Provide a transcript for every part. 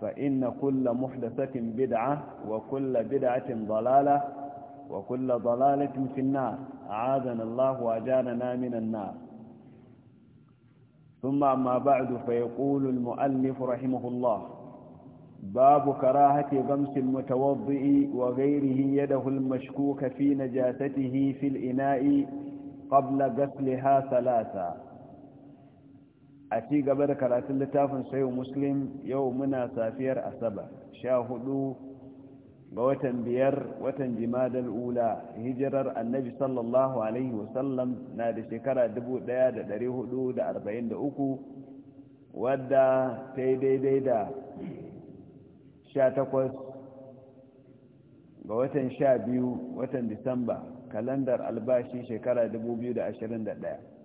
فإن كل محدثة بدعة وكل بدعة ضلالة وكل ضلالة في النار أعاذنا الله وأجارنا من النار ثم أما بعد فيقول المؤلف رحمه الله باب كراهة غمس المتوضئ وغيره يده المشكوك في نجاسته في الإناء قبل غسلها ثلاثة a ci gaba da karatun littafin sayo muslim yau muna safiyar asaba sha hudu ga watan biyar watan jimadar ula hijirar annabi sallallahu alaihi wasallam na da shekara 1443 wadda ta yi daidai da sha takwas ga watan sha watan disamba kalandar albashi shekara 2021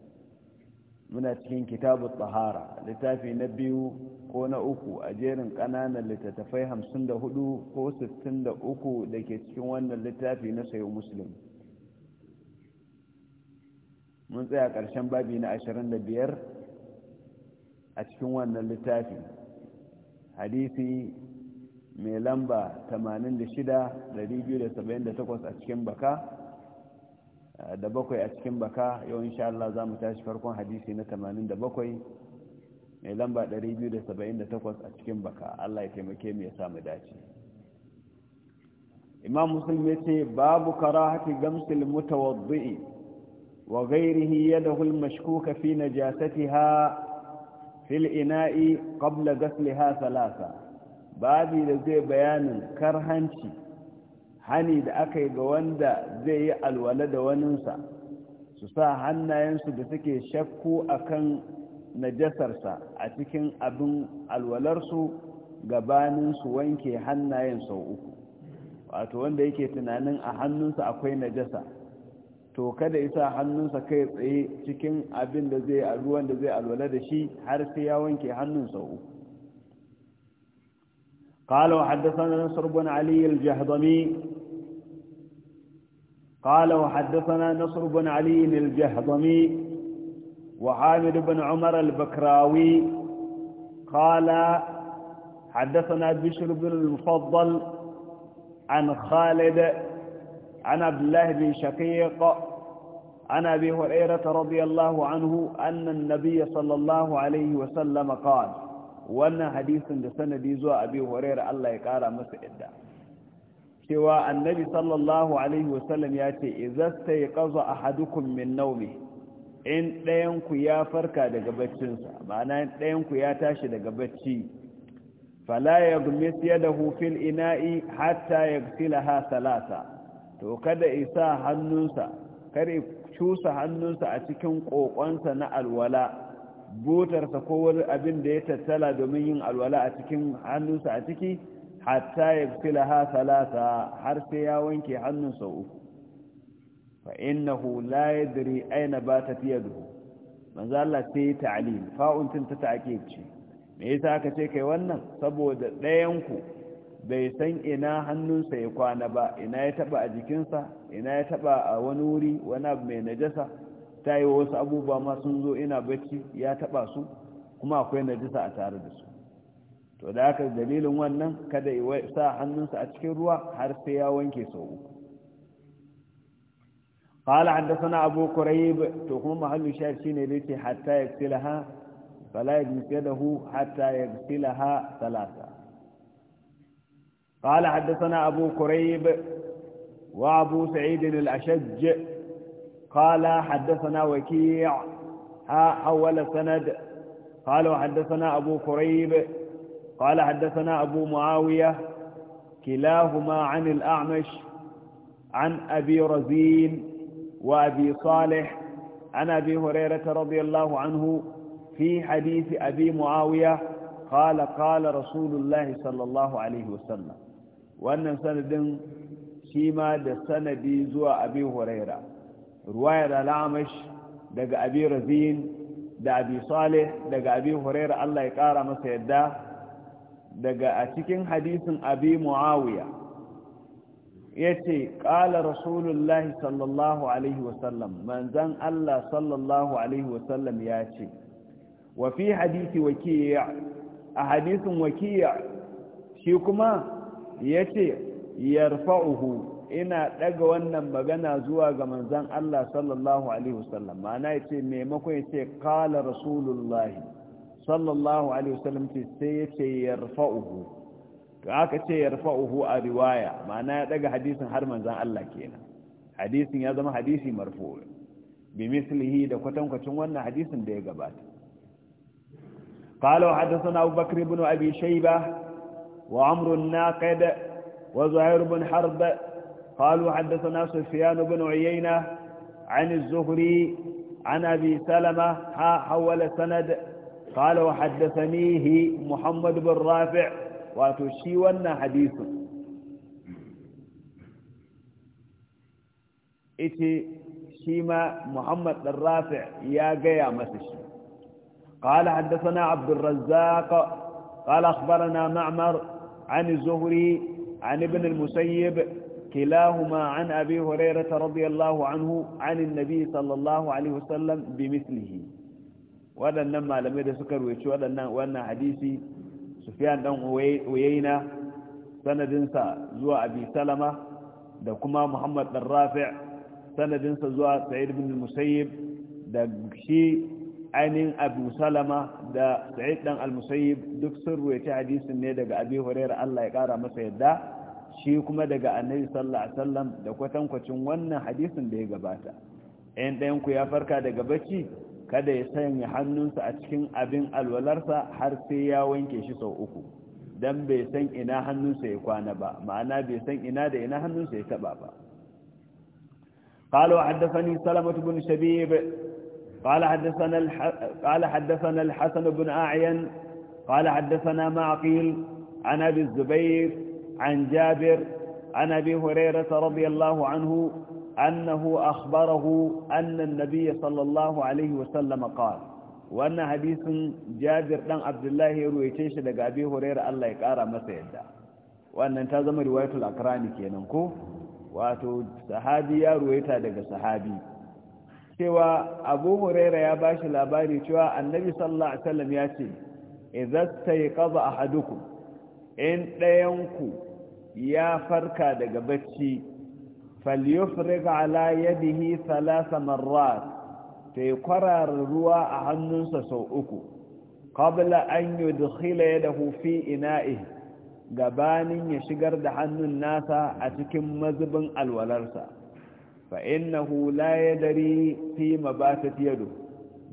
muna cikin kitabu tsahara littafi na biyu ko na uku a jerin ƙananan littattafai hamsin da hudu ko sittin da uku da ke cikin wannan littafi na sayo musulun mun tsaya ƙarshen babi na ashirin da biyar a cikin wannan littafi hadisi mai lamba 86,278 a cikin baka da bakwai a cikin baka yau insha Allah za mu tashi farkon hadisi na 87 mai lamba 278 a cikin baka Allah ya taimake mu ya samu dace imam muslim ya ce babu karahati gamsil mutawaddi wa ghairihi yadahu al-mashkuka fi najasatiha fil ina'i qabla ghasliha thalatha babu da zai bayanin karhanci hani da aka yi ga wanda zai yi alwala da waninsa su sa hannayensu da suke shakku akan najasarsa a cikin abin alwalarsu gabanin su wanke hannayen sau uku wato wanda yake tunanin a hannunsa akwai najasa to kada isa hannunsa kai tsaye cikin abin da zai a ruwan da zai alwala da shi har sai ya wanke hannun sau uku قال وحدثنا نصر بن علي الجهضمي قال وحدثنا نصر بن علي الجهضمي وحامد بن عمر البكراوي قال حدثنا بشر بن المفضل عن خالد عن عبد الله بن شقيق عن أبي هريرة رضي الله عنه أن النبي صلى الله عليه وسلم قال wannan hadisin da sanadi zuwa abi horayar Allah ya kara masa idda cewa annabi sallallahu alaihi wasallam ya ce izasta ya ahadukum min naumi in ɗayanku ya farka daga baccinsa ma'ana ku ya tashi daga bacci fala ya yadahu fil ina'i hatta ya salasa to kada isa hannunsa kare cusa hannunsa a cikin ƙoƙonsa na alwala butarsa ko wani abin da ya tattala domin yin alwala a cikin hannunsa a ciki hatta ya fila ha salasa har sai ya wanke hannunsa uku fa innahu la yadri aina ba ta fiye duhu manzo Allah sai ya ta'lim ta ta'kid ce me yasa aka ce kai wannan saboda ɗayan ku bai san ina hannunsa ya kwana ba ina ya taba a jikinsa ina ya taba a wani wuri wani abu mai najasa ta yi wasu abubuwa ma sun zo ina bacci ya taba su kuma akwai najisa a tare da su to da haka dalilin wannan kada ya sa hannunsa a cikin ruwa har sai ya wanke sau uku قال حدثنا أبو كريب تقوم محل شارشين da حتى يغسلها فلا يجمس يده حتى يغسلها ثلاثة قال حدثنا أبو كريب وأبو سعيد الأشج قال حدثنا وكيع ها حول سند قال وحدثنا أبو كريب قال حدثنا أبو معاوية كلاهما عن الأعمش عن أبي رزين وأبي صالح عن أبي هريرة رضي الله عنه في حديث أبي معاوية قال قال رسول الله صلى الله عليه وسلم وأن سند شيما دسند زوى أبي هريرة ruwaya ruwayar al'amash daga abi razin da abi salih daga abi huraira Allah ya kara masa yadda daga a cikin hadisin abi muawiya yace qala rasulullahi sallallahu alaihi wasallam manzan Allah sallallahu alaihi wasallam yace wa fi hadisi wakiya a hadisin wakiya shi kuma yace yarfa'uhu ina daga wannan magana zuwa ga manzan Allah sallallahu alaihi wasallam ma'ana yace maimakon ce qala rasulullahi sallallahu alaihi wasallam ce sai ya ce yace yarfa'uhu to aka ce uhu a riwaya ma'ana ya daga hadisin har manzan Allah kenan hadisin ya zama hadisi marfu' bi mislihi da kwatankwacin wannan hadisin da ya gabata قال وحدثنا أبو بكر بن أبي شيبة وعمر الناقد وزهير بن حرب قالوا حدثنا سفيان بن عيينة عن الزهري عن أبي سلمة حول سند قال وحدثنيه محمد بن رافع وتشيونا حديث إتي شيما محمد بن رافع يا قيا مسش قال حدثنا عبد الرزاق قال أخبرنا معمر عن الزهري عن ابن المسيب كلاهما عن أبي هريرة رضي الله عنه عن النبي صلى الله عليه وسلم بمثله waɗannan malamai da suka ruwaci waɗannan wannan hadisi sufiyan dan uyaina sanadinsa zuwa abi da kuma muhammad dan rafi' sanadinsa zuwa sa'id bin musayyib da shi ainihin abu da sa'id dan al-musayyib duk sun ruwaci hadisin ne daga abi hurairah Allah ya kara masa yadda shi kuma daga annabi sallallahu alaihi wasallam da kwatankwacin wannan hadisin da ya gabata ɗayan ɗayan ku ya farka daga bacci kada ya sanya hannunsa a cikin abin alwalarsa har sai ya wanke shi sau uku dan bai san ina hannunsa ya kwana ba ma'ana bai san ina da ina hannunsa ya taba ba قال وحدثني سلمة بن شبيب قال حدثنا قال حدثنا الحسن بن أعين قال حدثنا معقيل عن أبي الزبير عن جابر عن أبي هريرة رضي الله عنه أنه أخبره أن النبي صلى الله عليه وسلم قال وأن حديث جابر بن عبد الله يروي تيش دقى أبي هريرة الله يكارى مسيدا وأن انتظم رواية الأقراني كيننكو وأتو صحابي يا رويتا دقى صحابي cewa abu huraira ya ba shi labari cewa annabi sallallahu alaihi wasallam ya ce idza tayqadha ahadukum in dayanku ya farka daga bacci falyufrik ala yadihi thalatha marrat ta yi ruwa a hannunsa sau uku qabla an yudkhila yadahu fi ina'ihi gabanin ya shigar da hannun nasa a cikin mazubin alwalarsa fa innahu la yadri fi mabatat yadu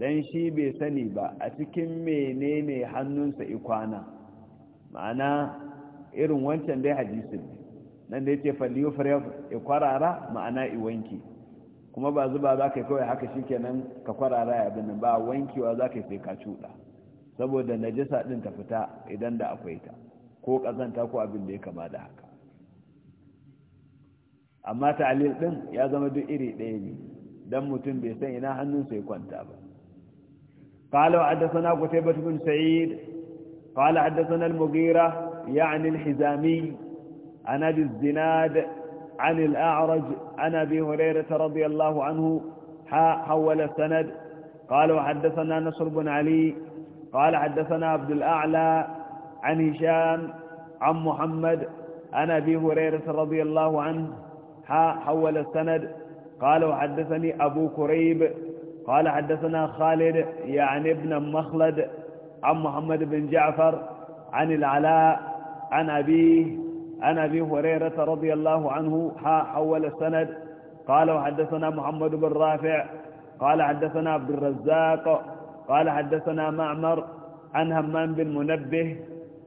dan shi bai sani ba a cikin menene hannunsa ikwana ma'ana irin wancan dai hadisin nan da yake falliyu faryar ya kwarara ma'ana i wanki kuma ba zuba za ka yi kawai haka shi kenan ka kwarara ya bin ba wankewa za ka yi sai ka cuɗa saboda najasa ɗin ta fita idan da akwai ta ko ƙazanta ko abin da ya kama da haka amma ta'alil ɗin ya zama duk iri ɗaya ne don mutum bai san ina hannunsa ya kwanta ba قال حدثنا قتيبة بن سعيد قال حدثنا المغيرة يعني الحزامي عن أبي الزناد عن الأعرج عن أبي هريرة رضي الله عنه حول السند قال وحدثنا نصر بن علي قال حدثنا عبد الأعلى عن هشام عن محمد عن أبي هريرة رضي الله عنه حول السند قال وحدثني أبو كريب قال حدثنا خالد يعني ابن مخلد عن محمد بن جعفر عن العلاء عن أبيه عن أبي هريرة رضي الله عنه ها حول السند قال وحدثنا محمد بن رافع قال حدثنا عبد الرزاق قال حدثنا معمر عن همام بن منبه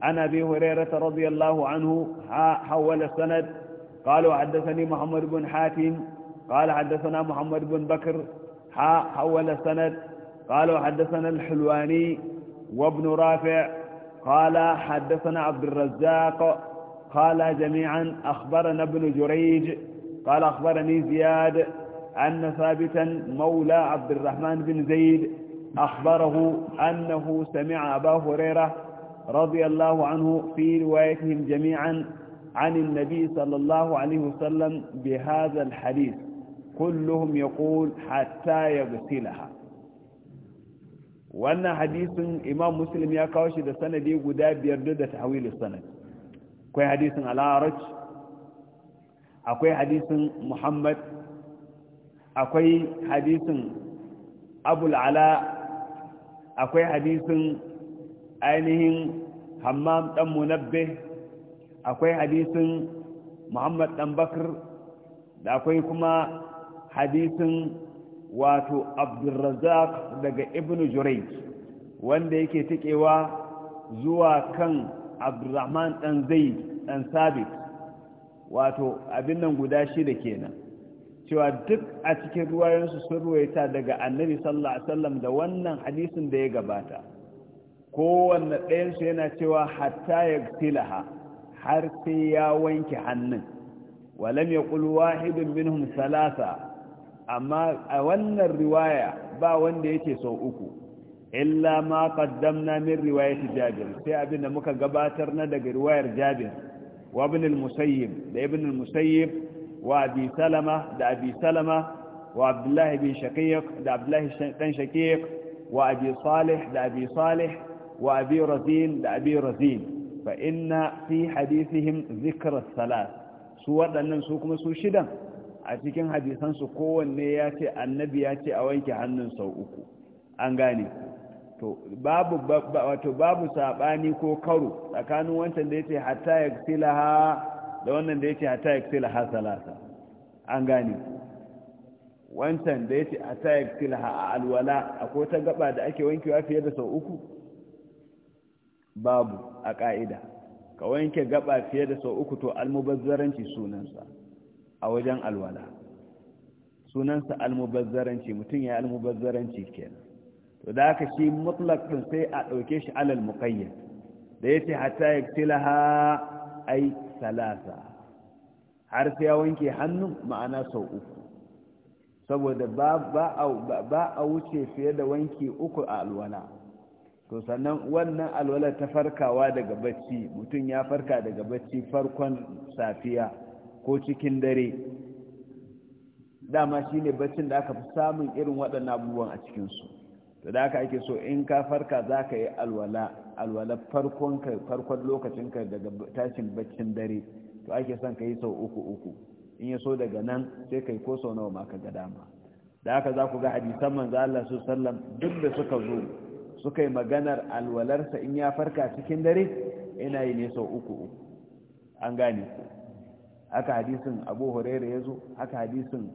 عن أبي هريرة رضي الله عنه ها حول السند قال وحدثني محمد بن حاتم قال حدثنا محمد بن بكر ها حول السند قال وحدثنا الحلواني وابن رافع قال حدثنا عبد الرزاق قال جميعا أخبرنا ابن جريج قال أخبرني زياد أن ثابتا مولى عبد الرحمن بن زيد أخبره أنه سمع أبا هريرة رضي الله عنه في روايتهم جميعا عن النبي صلى الله عليه وسلم بهذا الحديث كلهم يقول حتى يغسلها wannan hadisin imam muslim ya kawo shi da sanadi guda biyar duk da tahwilu sanad akwai hadisin al-araj akwai hadisin muhammad akwai hadisin abul ala akwai hadisin ainihin hammam dan munabbe akwai hadisin muhammad dan bakr da akwai kuma hadisin wato abdulrazak daga Ibnu jurayj wanda yake tikewa zuwa kan abdulrahman dan zaid dan sabit wato abin nan guda da kenan cewa duk a cikin ruwayensu sun ruwaita daga annabi sallallahu alaihi wasallam da wannan hadisin da ya gabata kowanne ɗayansu yana cewa hatta ya tilaha har sai ya wanke hannun walam ya ƙulu wahidin minhum salasa amma a wannan riwaya ba wanda yake sau uku illa ma qaddamna min riwayati jabir sai abinda muka gabatar na daga riwayar jabir wa ibn al-musayyib da ibn al-musayyib wa abi salama da abi salama wa abdullahi bin shaqiq da abdullahi bin shaqiq wa abi salih da abi salih wa abi razin da abi razin fa inna fi hadithihim dhikra salat su waɗannan su kuma su shidan a cikin hadisansu kowanne ya ce annabi ya ce a wanke hannun sau uku an gane to babu wato babu sabani ko karo tsakanin wancan da ya ce hatta ya da wannan da ya ce hatta ya salasa an gane wancan da ya ce hatta ya a alwala akwai ta gaba da ake wankewa fiye da sau uku babu a ka'ida ka wanke gaba fiye da sau uku to almubazzaranci sunansa a wajen alwala sunansa almubazzaranci mutum ya almubazzaranci kenan to da haka shi mutlaq din sai a ɗauke shi alal muqayyad da yace hatta yaktilaha ay salasa har sai ya wanke hannu ma'ana sau uku saboda ba a wuce fiye da wanki uku a alwala to sannan wannan alwala ta farkawa daga bacci mutum ya farka daga bacci farkon safiya ko cikin dare dama shine baccin da aka fi samun irin waɗannan abubuwan a cikinsu to da aka ake so in ka farka za ka yi alwala alwala farkon lokacinka daga tashin baccin dare to ake son ka yi sau uku uku in ya so daga nan sai ka yi ko sau nawa ma ga dama da aka za ku ga hadisan manzo Allah su sallam duk da suka zo suka yi maganar alwalarsa in ya farka cikin dare ina yi ne sau uku uku an gane haka hadisin abu huraira ya zo haka hadisin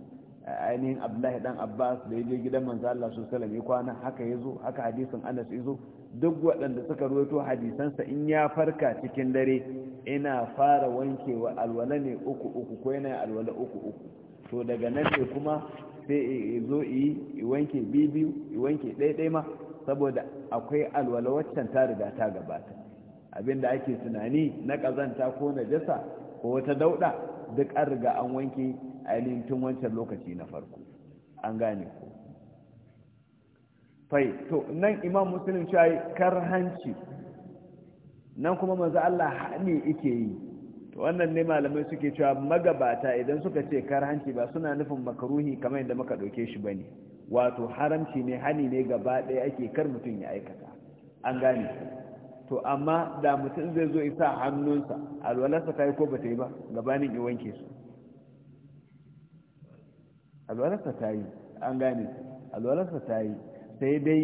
eh, ainihin abdullahi dan abbas da ya je gidan manzo Allah su ya kwana haka ya zo haka hadisin anas ya zo duk waɗanda suka ruwaito hadisansa in ya farka cikin dare ina fara wankewa alwala ne uku uku ko yana alwala uku uku to daga nan ne kuma sai zo yi wanke bibiyu wanke ɗaiɗai ma saboda akwai alwala waccan ta riga ta gabata abinda ake tunani na ƙazanta ko jasa. ko wata dauda duk an riga an wanke ainihin tun wancan lokaci na farko an gane ko fai to nan imam muslim cewa karhanci nan kuma maza Allah haɗe ke yi to wannan ne malamai suke cewa magabata idan suka ce karhanci ba suna nufin makaruhi kamar yadda muka ɗauke shi ba ne wato haramci ne hani ne gaba ɗaya ake kar mutum ya aikata an gane ko. to amma da mutum zai zo isa hannunsa alwalarsa ta yi ko ba ta yi ba gabanin yi wanke su alwalarsa ta yi an gane alwalarsa ta yi sai dai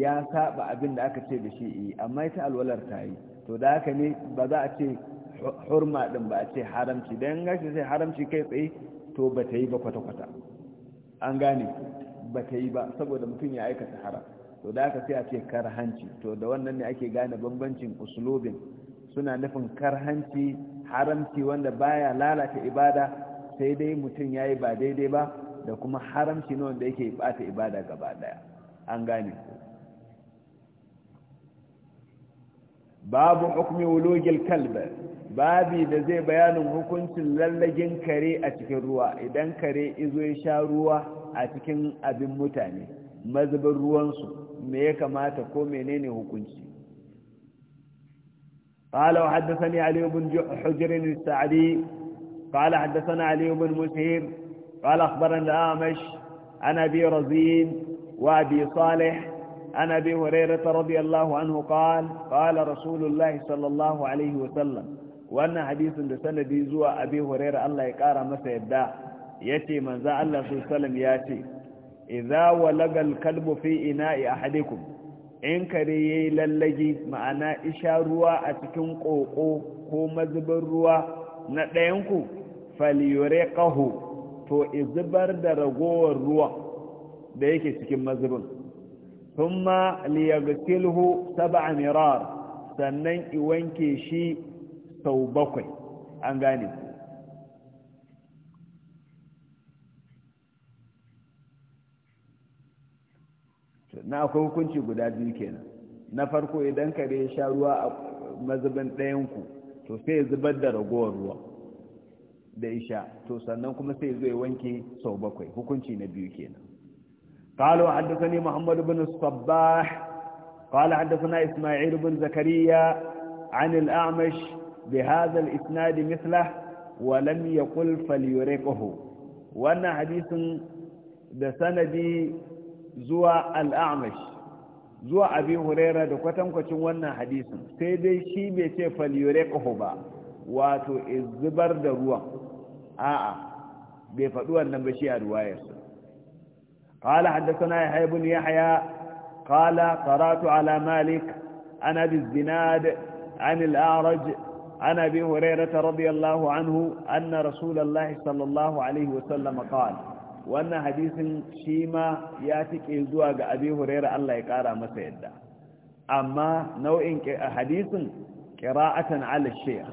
ya saba abin da aka ce da shi yi amma ita alwalar ta yi to da haka ne ba za a ce hurma din ba a ce haramci don gashi sai haramci kai tsaye to ba ta yi ba kwata-kwata an gane ba ta yi ba saboda mutum ya aikata haram to da aka sai a ce karhanci to da wannan ne ake gane bambancin uslubin suna nufin karhanci haramci wanda baya lalata ibada sai dai mutum yayi ba daidai ba da kuma haramci ne wanda yake bata ibada gaba daya an gane babu hukmi wulugil kalb babi da zai bayanin hukuncin lallagin kare a cikin ruwa idan kare izo ya sha ruwa a cikin abin mutane mazubin ruwansu me ya kamata ko menene hukunci ƙala wa haddasa ne aliyubin hujjirin sa'adi ƙala haddasa na aliyubin musir ƙala akbaran da amash ana bi razin wa bi salih ana bi hurairata radiyallahu an hukal ƙala rasulullah sallallahu alaihi wasallam wannan hadisun da sanadi zuwa abi hurairar allah ya ƙara masa yadda ya ce manza allah sallallahu alaihi wasallam ya ce idza walagal kalbu fi ina'i ahadikum in kare yayi lallagi ma'ana isha ruwa a cikin ƙoƙo ko mazubin ruwa na ɗayan ku falyuriqahu to izbar da ragowar ruwa da yake cikin mazubin thumma liyaghsilhu sab'a mirar sannan i wanke shi sau bakwai an gane su na akwai hukunci guda biyu kenan na farko idan kare ya sha ruwa a mazubin ɗayanku to sai ya zubar da ragowar ruwa da isha to sannan kuma sai zai wanke sau bakwai hukunci na biyu kenan قالوا حدثني محمد بن الصباح قال حدثنا إسماعيل بن زكريا عن الأعمش بهذا الإسناد مثله ولم يقل فليريقه وأن حديث da sanadi. zuwa al'amash zuwa abi huraira da kwatankwacin wannan hadisin sai dai shi bai ce faliyore ƙaho ba wato zubar da ruwan a'a bai faɗi wannan ba shi a ruwayarsa قال حدثنا يحيى بن يحيى قال قرأت على مالك عن أبي الزناد عن الأعرج عن أبي هريرة رضي الله عنه أن رسول الله صلى الله عليه وسلم قال wannan hadisin shi ma ya tike zuwa ga abi huraira Allah ya kara masa yadda amma nau'in hadisin qira'atan ala shaykh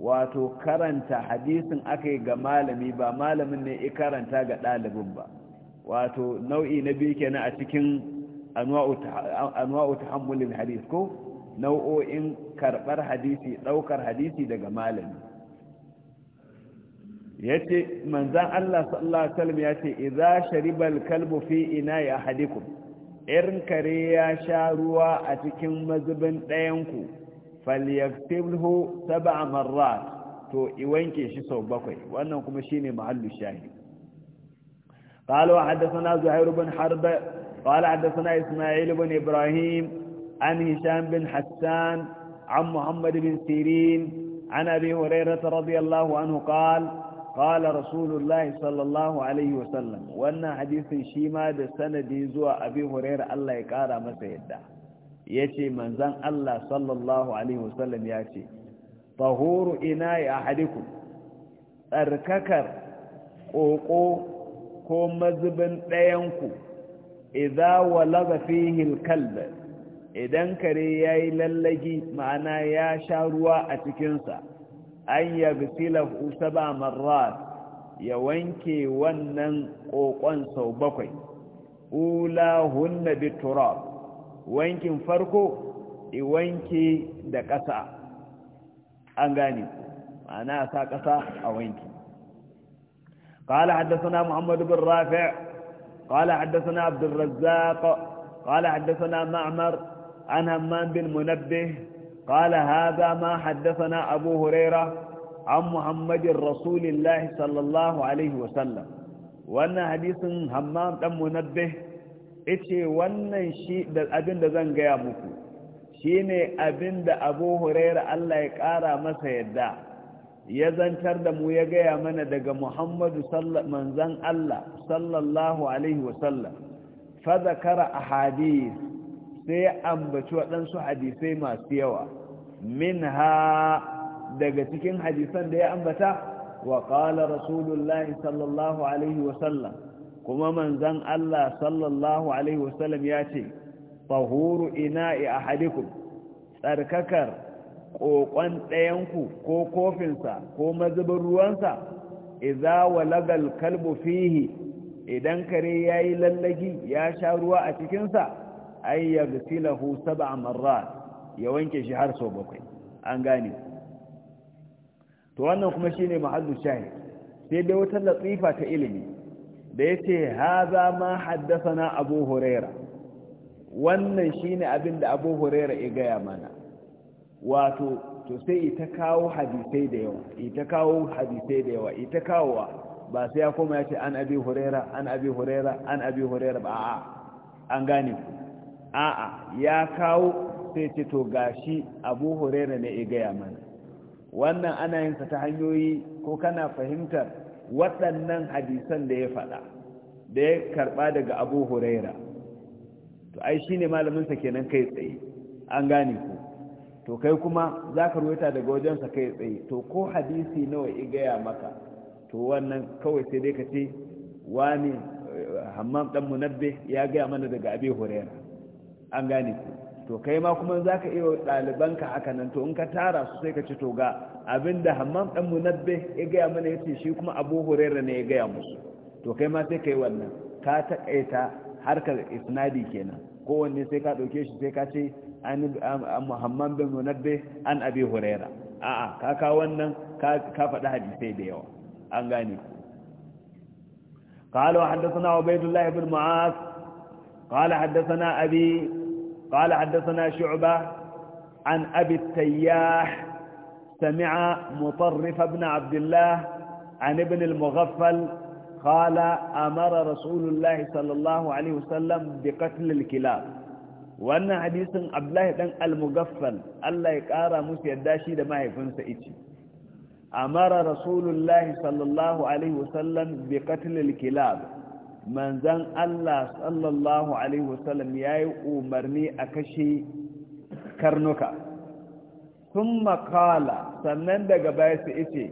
wato karanta hadisin akai ga malami ba malamin ne ya karanta ga dalibin ba wato nau'i na biyu kenan a cikin anwa'u tahammulin hadis ko nau'o'in karbar hadisi daukar hadisi daga malami yace manzan Allah sallallahu alaihi wasallam yace iza sharibal kalbu fi ina'i ahadikum irin kare ya sha ruwa a cikin mazubin ɗayan ku sab'a marrat to i wanke shi sau bakwai wannan kuma shine mahallu shahid قالوا حدثنا زهير بن حرب قال حدثنا إسماعيل بن إبراهيم عن هشام بن حسان عن محمد بن سيرين عن أبي هريرة رضي الله عنه قال قال رسول الله صلى الله عليه وسلم وانا حديث شيما ده سندي زوا ابي هريره الله يقرا masa yadda yace manzon Allah sallallahu alaihi wasallam yace tahuru ina'i ahadikum tsarkakar koko ko mazubin ɗayanku idza walaga fihi alkalb idan kare yayi lallagi ma'ana ya sha ruwa a cikinsa an yagsilahu sab'a marar ya wanke wannan kokon sau bakwai ula hunna turab wankin farko i wanke da ƙasa an gani ma'ana sa ƙasa a wanki قال حدثنا محمد بن رافع قال حدثنا عبد الرزاق قال حدثنا معمر عن همام بن منبه قال هذا ما حدثنا أبو هريرة عن محمد رسول الله صلى الله عليه وسلم وأن حديث همام دم منبه ice wannan shi da abin zan gaya muku shine abin da abu huraira Allah ya ƙara masa yadda ya zantar da mu ya gaya mana daga muhammadu manzan Allah sallallahu alaihi sai ya ambaci waɗansu hadisai masu yawa min ha daga cikin hadisan da ya ambata wa ƙala rasulullahi sallallahu alaihi wasallam kuma manzan Allah sallallahu alaihi wasallam ya ce fahuru ina'i a hadikun tsarkakar ƙoƙon ɗayanku ko kofinsa ko mazubin ruwansa iza walagal kalbu fihi idan kare ya yi lallagi ya sha ruwa a cikinsa ay yaghsilahu sab'a marrat ya wanke shi har sau bakwai an gane to wannan kuma shine mahallu shahi sai dai wata latifa ta ilimi da yace haza ma na abu huraira wannan shine abin da abu huraira ya gaya mana wato to sai ita kawo hadisai da yawa ita kawo hadisai da yawa ita kawowa ba sai ya koma yace ce an abi huraira an abi huraira an abi huraira ba a'a an gane ku a'a ya kawo sai ce to gashi abu huraira ne ya gaya mana wannan ana yin ta hanyoyi ko kana fahimtar waɗannan hadisan da ya faɗa da ya karɓa daga abu huraira to ai shi ne malaminsa kenan kai tsaye an gane ku to kai kuma za ka ruwaita daga wajensa kai tsaye to ko hadisi nawa ya gaya maka to wannan kawai sai dai ka ce wani eh, hammam ɗan munabbe ya gaya mana daga abu huraira an gane ku to kai ma kuma za ka iya ɗalibanka haka nan to in ka tara su sai ka ci to ga abin da hammam ɗan munabbe ya gaya mana ya ce shi kuma abu hurera ne ya gaya musu to kai ma sai ka yi wannan ka taƙaita harkar isnadi kenan kowanne sai ka ɗauke shi sai ka ce muhammad bin munabbe an abi hurera a'a ka ka wannan ka faɗi hadisai da yawa an gane ku قال وحدثنا عبيد الله بن معاذ قال حدثنا أبي قال حدثنا شعبة عن أبي التياح سمع مطرف بن عبد الله عن ابن المغفل قال أمر رسول الله صلى الله عليه وسلم بقتل الكلاب وأن حديث عبد الله بن المغفل الله يقارى موسى الداشي لما يفن سئتي أمر رسول الله صلى الله عليه وسلم بقتل الكلاب manzan Allah sallallahu Alaihi wasallam ya yi umarni a kashe karnuka sun makala sannan daga baya su ice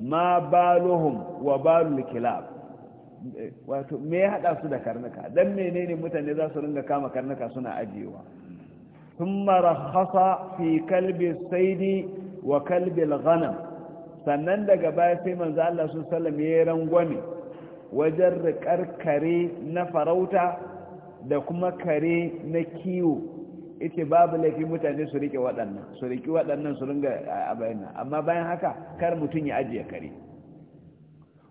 ma baluhum wa balul kilab wato me ya haɗa su da karnuka don menene mutane za su ringa kama karnuka suna ajiyewa sun marahasa fi kalbi saidi wa kalbi ghanam sannan daga baya sai manzo Allah sallallahu Alaihi ya yi rangwame wajen riƙar kare na farauta da kuma kare na kiwo ita babu laifin mutane su riƙe waɗannan su riƙe waɗannan su ringa a bayyana amma bayan haka kar mutum ya ajiye kare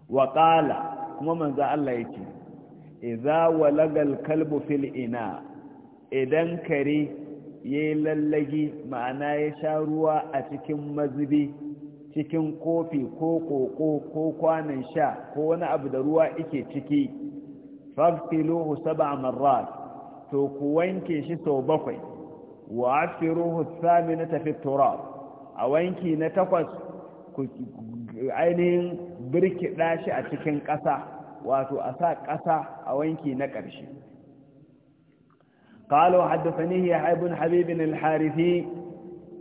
wa ƙala kuma manzo Allah ya ce iza walagal kalbu fil ina idan kare ya yi lallagi ma'ana ya sha ruwa a cikin mazubi cikin kofi ko koko ko kwanan sha ko wani abu da ruwa yake ciki faghsiluhu sab'a marrat to ku wanke shi sau bakwai wa afiruhu thaminata fi turab a wanki na takwas ku ainihin birki shi a cikin ƙasa wato a sa ƙasa a wanki na ƙarshe قالوا ya يحيى بن حبيب الحارثي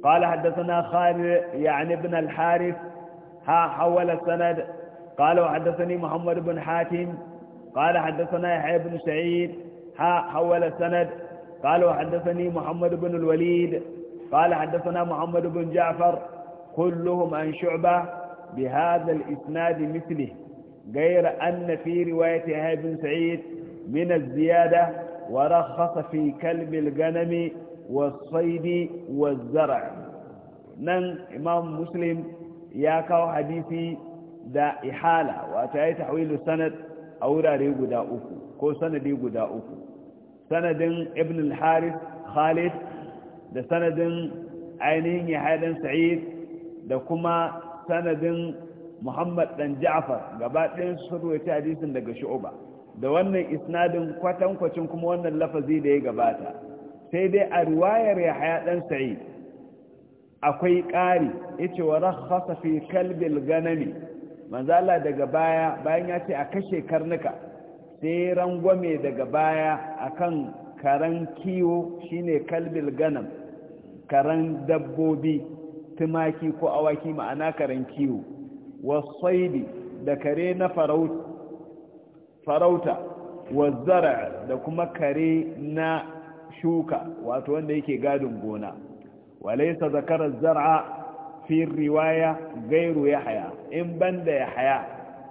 قال حدثنا خالد يعني ابن الحارث ها حول السند قال وحدثني محمد بن حاتم قال حدثنا يحيى بن سعيد ها حول السند قال وحدثني محمد بن الوليد قال حدثنا محمد بن جعفر كلهم عن شعبة بهذا الإسناد مثله غير أن في رواية يحيى بن سعيد من الزيادة ورخص في كلب الغنم wasaidi wazara nan imam muslim ya kawo hadisi da ihala wato ya yi tahwilu sanad a wurare guda uku ko sanadi guda uku sanadin ibn al-harith khalid da sanadin ainihin yahadan sa'id da kuma sanadin muhammad dan ja'far gaba ɗayan su ruwaita hadisin daga shu'uba da wannan isnadin kwatankwacin kuma wannan lafazi da ya gabata sai dai a riwayar ya haya ɗan sa'i akwai ƙari yace wa rakhasa fi kalbil ganami manzala daga baya bayan ya ce a kashe karnuka sai rangwame daga baya akan karan kiwo shine kalbil ganam karan dabbobi tumaki ko awaki ma'ana karan kiwo wasaidi da kare na farauta wazzara da kuma kare na shuka wato wanda yake gadin gona walaisa zakarar zar'a fi riwaya gairu ya haya in banda ya haya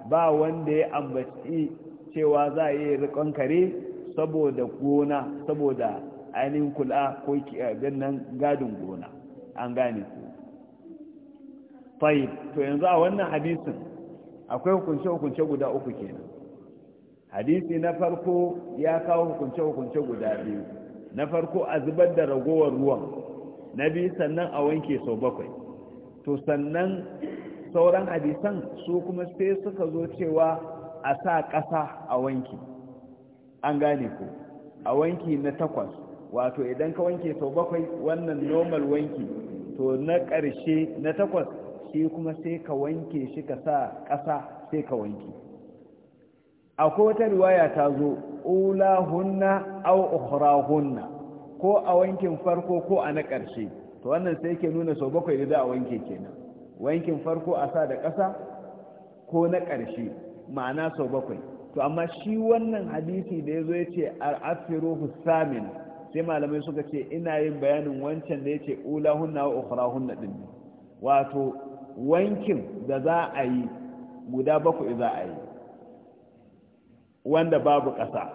ba wanda ya ambaci cewa za a yi rikon kare saboda gona saboda ainihin kula ko eh, gannan gadin gona an gane ku fahim to yanzu a wannan hadisin akwai hukunce-hukunce guda uku kenan hadisi na farko ya kawo hukunce-hukunce guda biyu na farko a zubar da ragowar ruwan na biyu sannan a wanke sau bakwai to sannan sauran hadisan su kuma sai suka zo cewa a sa ƙasa a wanki an gane ku a wanki na takwas wato idan ka wanke sau bakwai wannan normal wanki to na ƙarshe na takwas shi kuma sai ka wanke shi ka sa ƙasa sai ka wanke akwai wata riwaya ta zo ulahunna aw hunna ko a wankin farko ko a na ƙarshe to wannan sai yake nuna sau bakwai da za a wanke kenan wankin farko a sa da ƙasa ko na ƙarshe ma'ana sau bakwai to amma shi wannan hadisi da ya zo ya ce al'afiru sai malamai suka ce ina yin bayanin wancan da ya ce ulahunna wa hunna din wato wankin da za a yi guda bakwai za a yi wanda babu ƙasa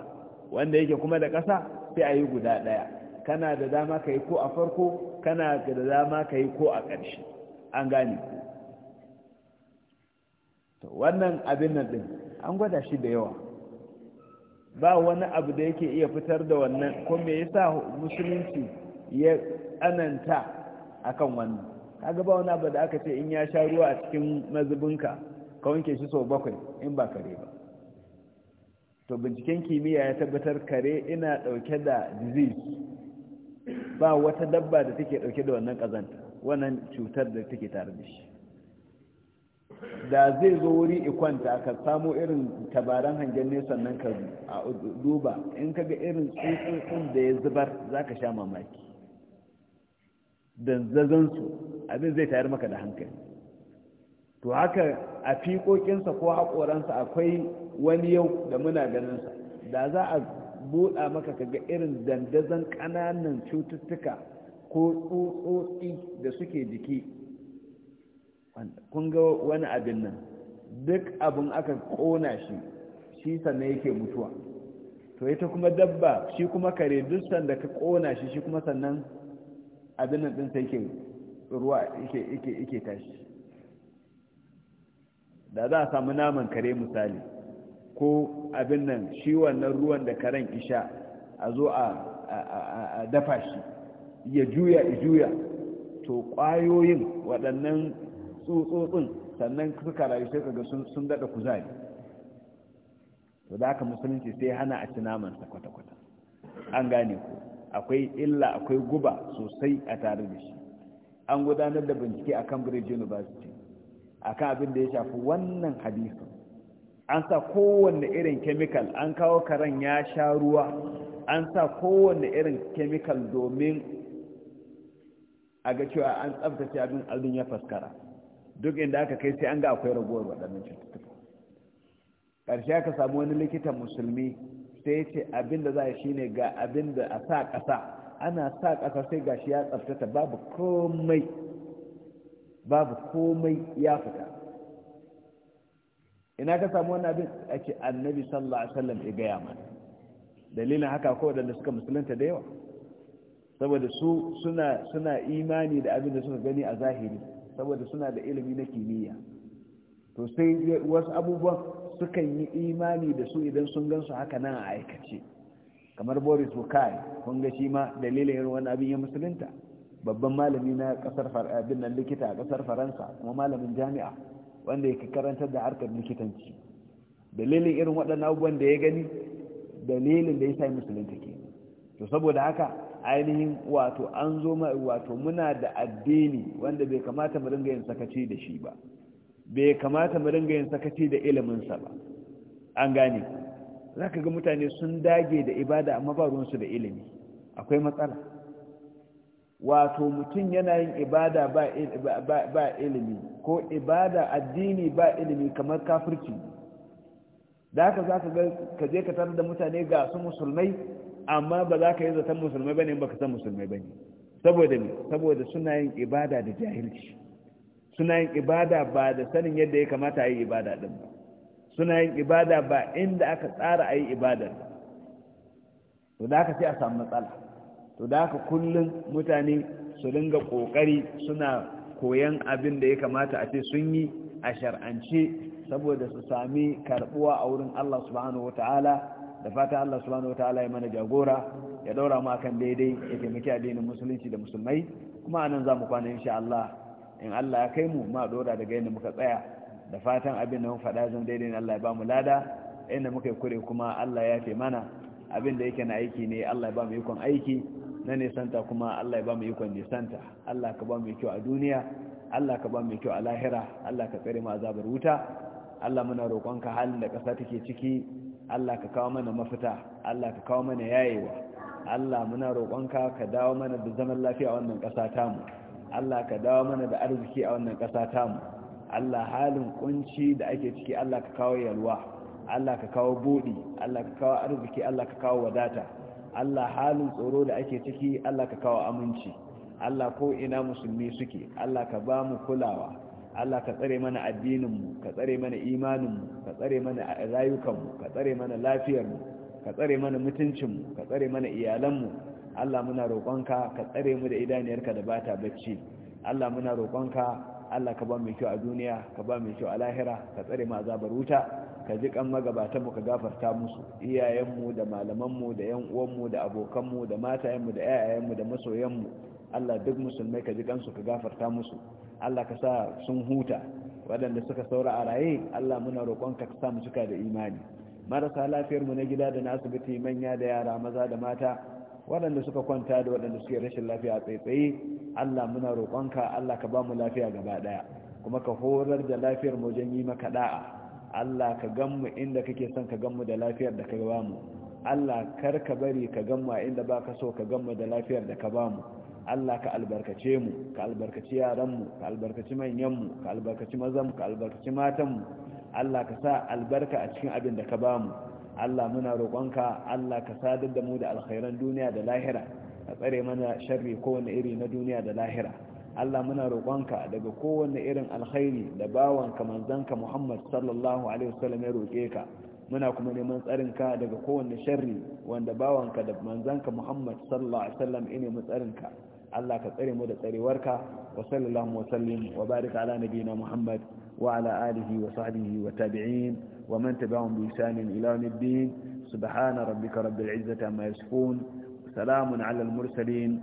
wanda yake kuma da ƙasa sai a yi guda ɗaya kana da dama ka yi ko a farko kana da dama ka yi ko a ƙarshe an gane ku wannan abin nan ɗin an gwada shi da yawa ba wani abu da yake iya fitar da wannan ko me yasa musulunci ya tsananta akan wannan kaga ba wani abu da aka ce in ya sha ruwa a cikin mazubinka ka wanke shi sau bakwai in ba kare ba to binciken kimiyya ya tabbatar kare ina dauke da disease ba wata dabba da take dauke da wannan kazanta wannan cutar da take tare da shi da zai zo wuri ikwanta ka samu irin tabaran hangen nesa nan ka duba in ka ga irin tsuntsun da ya zubar za ka sha mamaki su abin zai tayar maka da hankali to haka a fiƙoƙinsa ko haƙoransa akwai wani yau da muna ganinsa da za a buɗa maka kaga irin dandazon ƙananan cututtuka ko tsotsotsi da suke jiki kun ga wani abin nan duk abin aka ƙona shi shi sannan yake mutuwa to ita kuma dabba shi kuma kare duk sanda ka ƙona shi shi kuma sannan abin nan ɗinsa yake ruwa yake tashi da za a samu naman kare misali ko abin nan shi wannan ruwan da karen isha a zo a dafa shi ya juya juya to ƙwayoyin waɗannan tsotsotsin sannan suka rayu sai kaga sun daɗa kuzari to da haka musulunci sai hana a ci sa kwata-kwata an gane ku akwai illa akwai guba sosai a tare da shi an gudanar da bincike a cambridge university akan abin da ya shafi wannan hadisi an sa kowanne irin kemikal. an kawo karen ya sha ruwa an sa kowanne irin chemical domin a ga cewa an tsabtace abin abin ya faskara duk inda aka kai sai an ga akwai ragowar waɗannan cututtuka ƙarshe aka samu wani likitan musulmi sai ya ce abin da za a shine ga abin da a sa ƙasa ana sa ƙasa sai gashi ya tsaftata babu komai babu komai ya fita ina ka samu wannan abin a ce annabi sallallahu alaihi wasallam ya gaya mana dalilin haka ko wadanda suka musulunta da yawa saboda su suna suna imani da abin da suka gani a zahiri saboda suna da ilimi na kimiyya to sai wasu abubuwan sukan yi imani da su idan sun gansu haka nan a aikace kamar boris bukai kun ga shi ma dalilin irin wani abin ya musulunta babban malami na kasar abin nan likita a kasar faransa kuma malamin jami'a wanda ya karantar da harkar likitanci dalilin irin waɗannan abubuwan da ya gani dalilin da ya sa musulunta ke to saboda haka ainihin wato an zo wato muna da addini wanda bai kamata mu ringa yin sakaci da shi ba bai kamata mu ringa yin sakaci da iliminsa ba an gane zaka ga mutane sun dage da ibada amma ba ruwansu da ilimi akwai matsala wato mutum yana yin ibada ba ilimi ko ibada addini ba ilimi kamar kafirci da haka za ka je ka tarar da mutane ga su musulmai amma ba za ka yi zaton musulmai ba ne ba ka san musulmai ba ne saboda me saboda suna yin ibada da jahilci suna yin ibada ba da sanin yadda ya kamata a yi ibada din ba suna yin ibada ba inda aka tsara a yi ibadar to da haka sai a samu matsala to da haka kullum mutane su dinga kokari suna koyan abin da ya kamata a ce sun yi a shar'ance saboda su sami karbuwa a wurin Allah subhanahu ta'ala da fata Allah subhanahu ta'ala ya mana jagora ya daura mu akan daidai ya taimaki addinin musulunci da musulmai kuma anan zamu kwana insha Allah in Allah ya kai mu ma dora daga yadda muka tsaya da fatan abin da mun faɗa zan daidai ne Allah ya ba mu lada inda muka yi kure kuma Allah ya fi mana abin da yake na aiki ne Allah ya ba mu ikon aiki na nisanta kuma Allah ya ba mu ikon nisanta Allah ka ba mu kyau a duniya Allah ka ba mu kyau a lahira Allah ka tsare mu azabar wuta Allah muna roƙonka halin da ƙasa take ciki Allah ka kawo mana mafita Allah ka kawo mana yayewa Allah muna roƙonka ka dawo mana da zaman lafiya a wannan ƙasa mu Allah ka dawo mana da arziki a wannan ƙasa tamu Allah halin kunci da ake ciki Allah ka kawo yalwa Allah ka kawo buɗi Allah ka kawo arziki Allah ka kawo wadata Allah halin tsoro da ake ciki Allah ka kawo aminci Allah ko ina musulmi suke Allah ka ba mu kulawa Allah ka tsare mana addininmu ka tsare mana imaninmu ka tsare mana rayukanmu ka tsare mana lafiyarmu ka tsare mana mutuncinmu ka tsare mana iyalanmu Allah muna roƙonka ka tsare mu da idaniyarka da bata bacci Allah muna roƙonka Allah ka ba mu kyau a duniya ka ba mu kyau a lahira ka tsare mu azabar wuta ka ji kan magabatan mu ka gafarta musu iyayenmu da malamanmu da yan mu da abokanmu da mu da mu da masoyanmu Allah duk musulmai ka ji su ka gafarta musu Allah ka sa sun huta waɗanda suka saura a raye Allah muna roƙon ka sa mu cika da imani marasa lafiyar mu na gida da na asibiti manya da yara maza da mata waɗanda suka kwanta da waɗanda suke rashin lafiya a tsaitsaye Allah muna roƙonka Allah ka ba mu lafiya gaba ɗaya kuma ka horar da lafiyar mu wajen yi maka da'a Allah ka gan mu inda kake son ka ganmu da lafiyar da ka ba mu Allah kar ka bari ka ganmu inda baka so ka ganmu da lafiyar da ka ba mu Allah ka albarkace mu ka albarkaci yaran mu ka albarkaci manyanmu, ka albarkaci mazan mu ka albarkaci matan Allah ka sa albarka a cikin abin da ka ba mu Allah muna roƙonka Allah ka sadar da mu da alkhairan duniya da lahira ka tsare mana sharri kowane iri na duniya da lahira Allah muna roƙonka daga kowanne irin alkhairi da bawanka manzanka Muhammad sallallahu alaihi wasallam ya roƙe ka muna kuma neman tsarinka daga kowanne sharri wanda bawanka da manzanka Muhammad sallallahu alaihi wasallam ya nemi tsarinka Allah ka tsare mu da tsarewarka wa sallallahu wa sallim wa barik ala nabiyina Muhammad wa ala alihi wa sahbihi wa tabi'in wa man tabi'ahum bi ihsan ila yawmiddin subhana rabbika rabbil izzati amma yasifun salamun ala al mursalin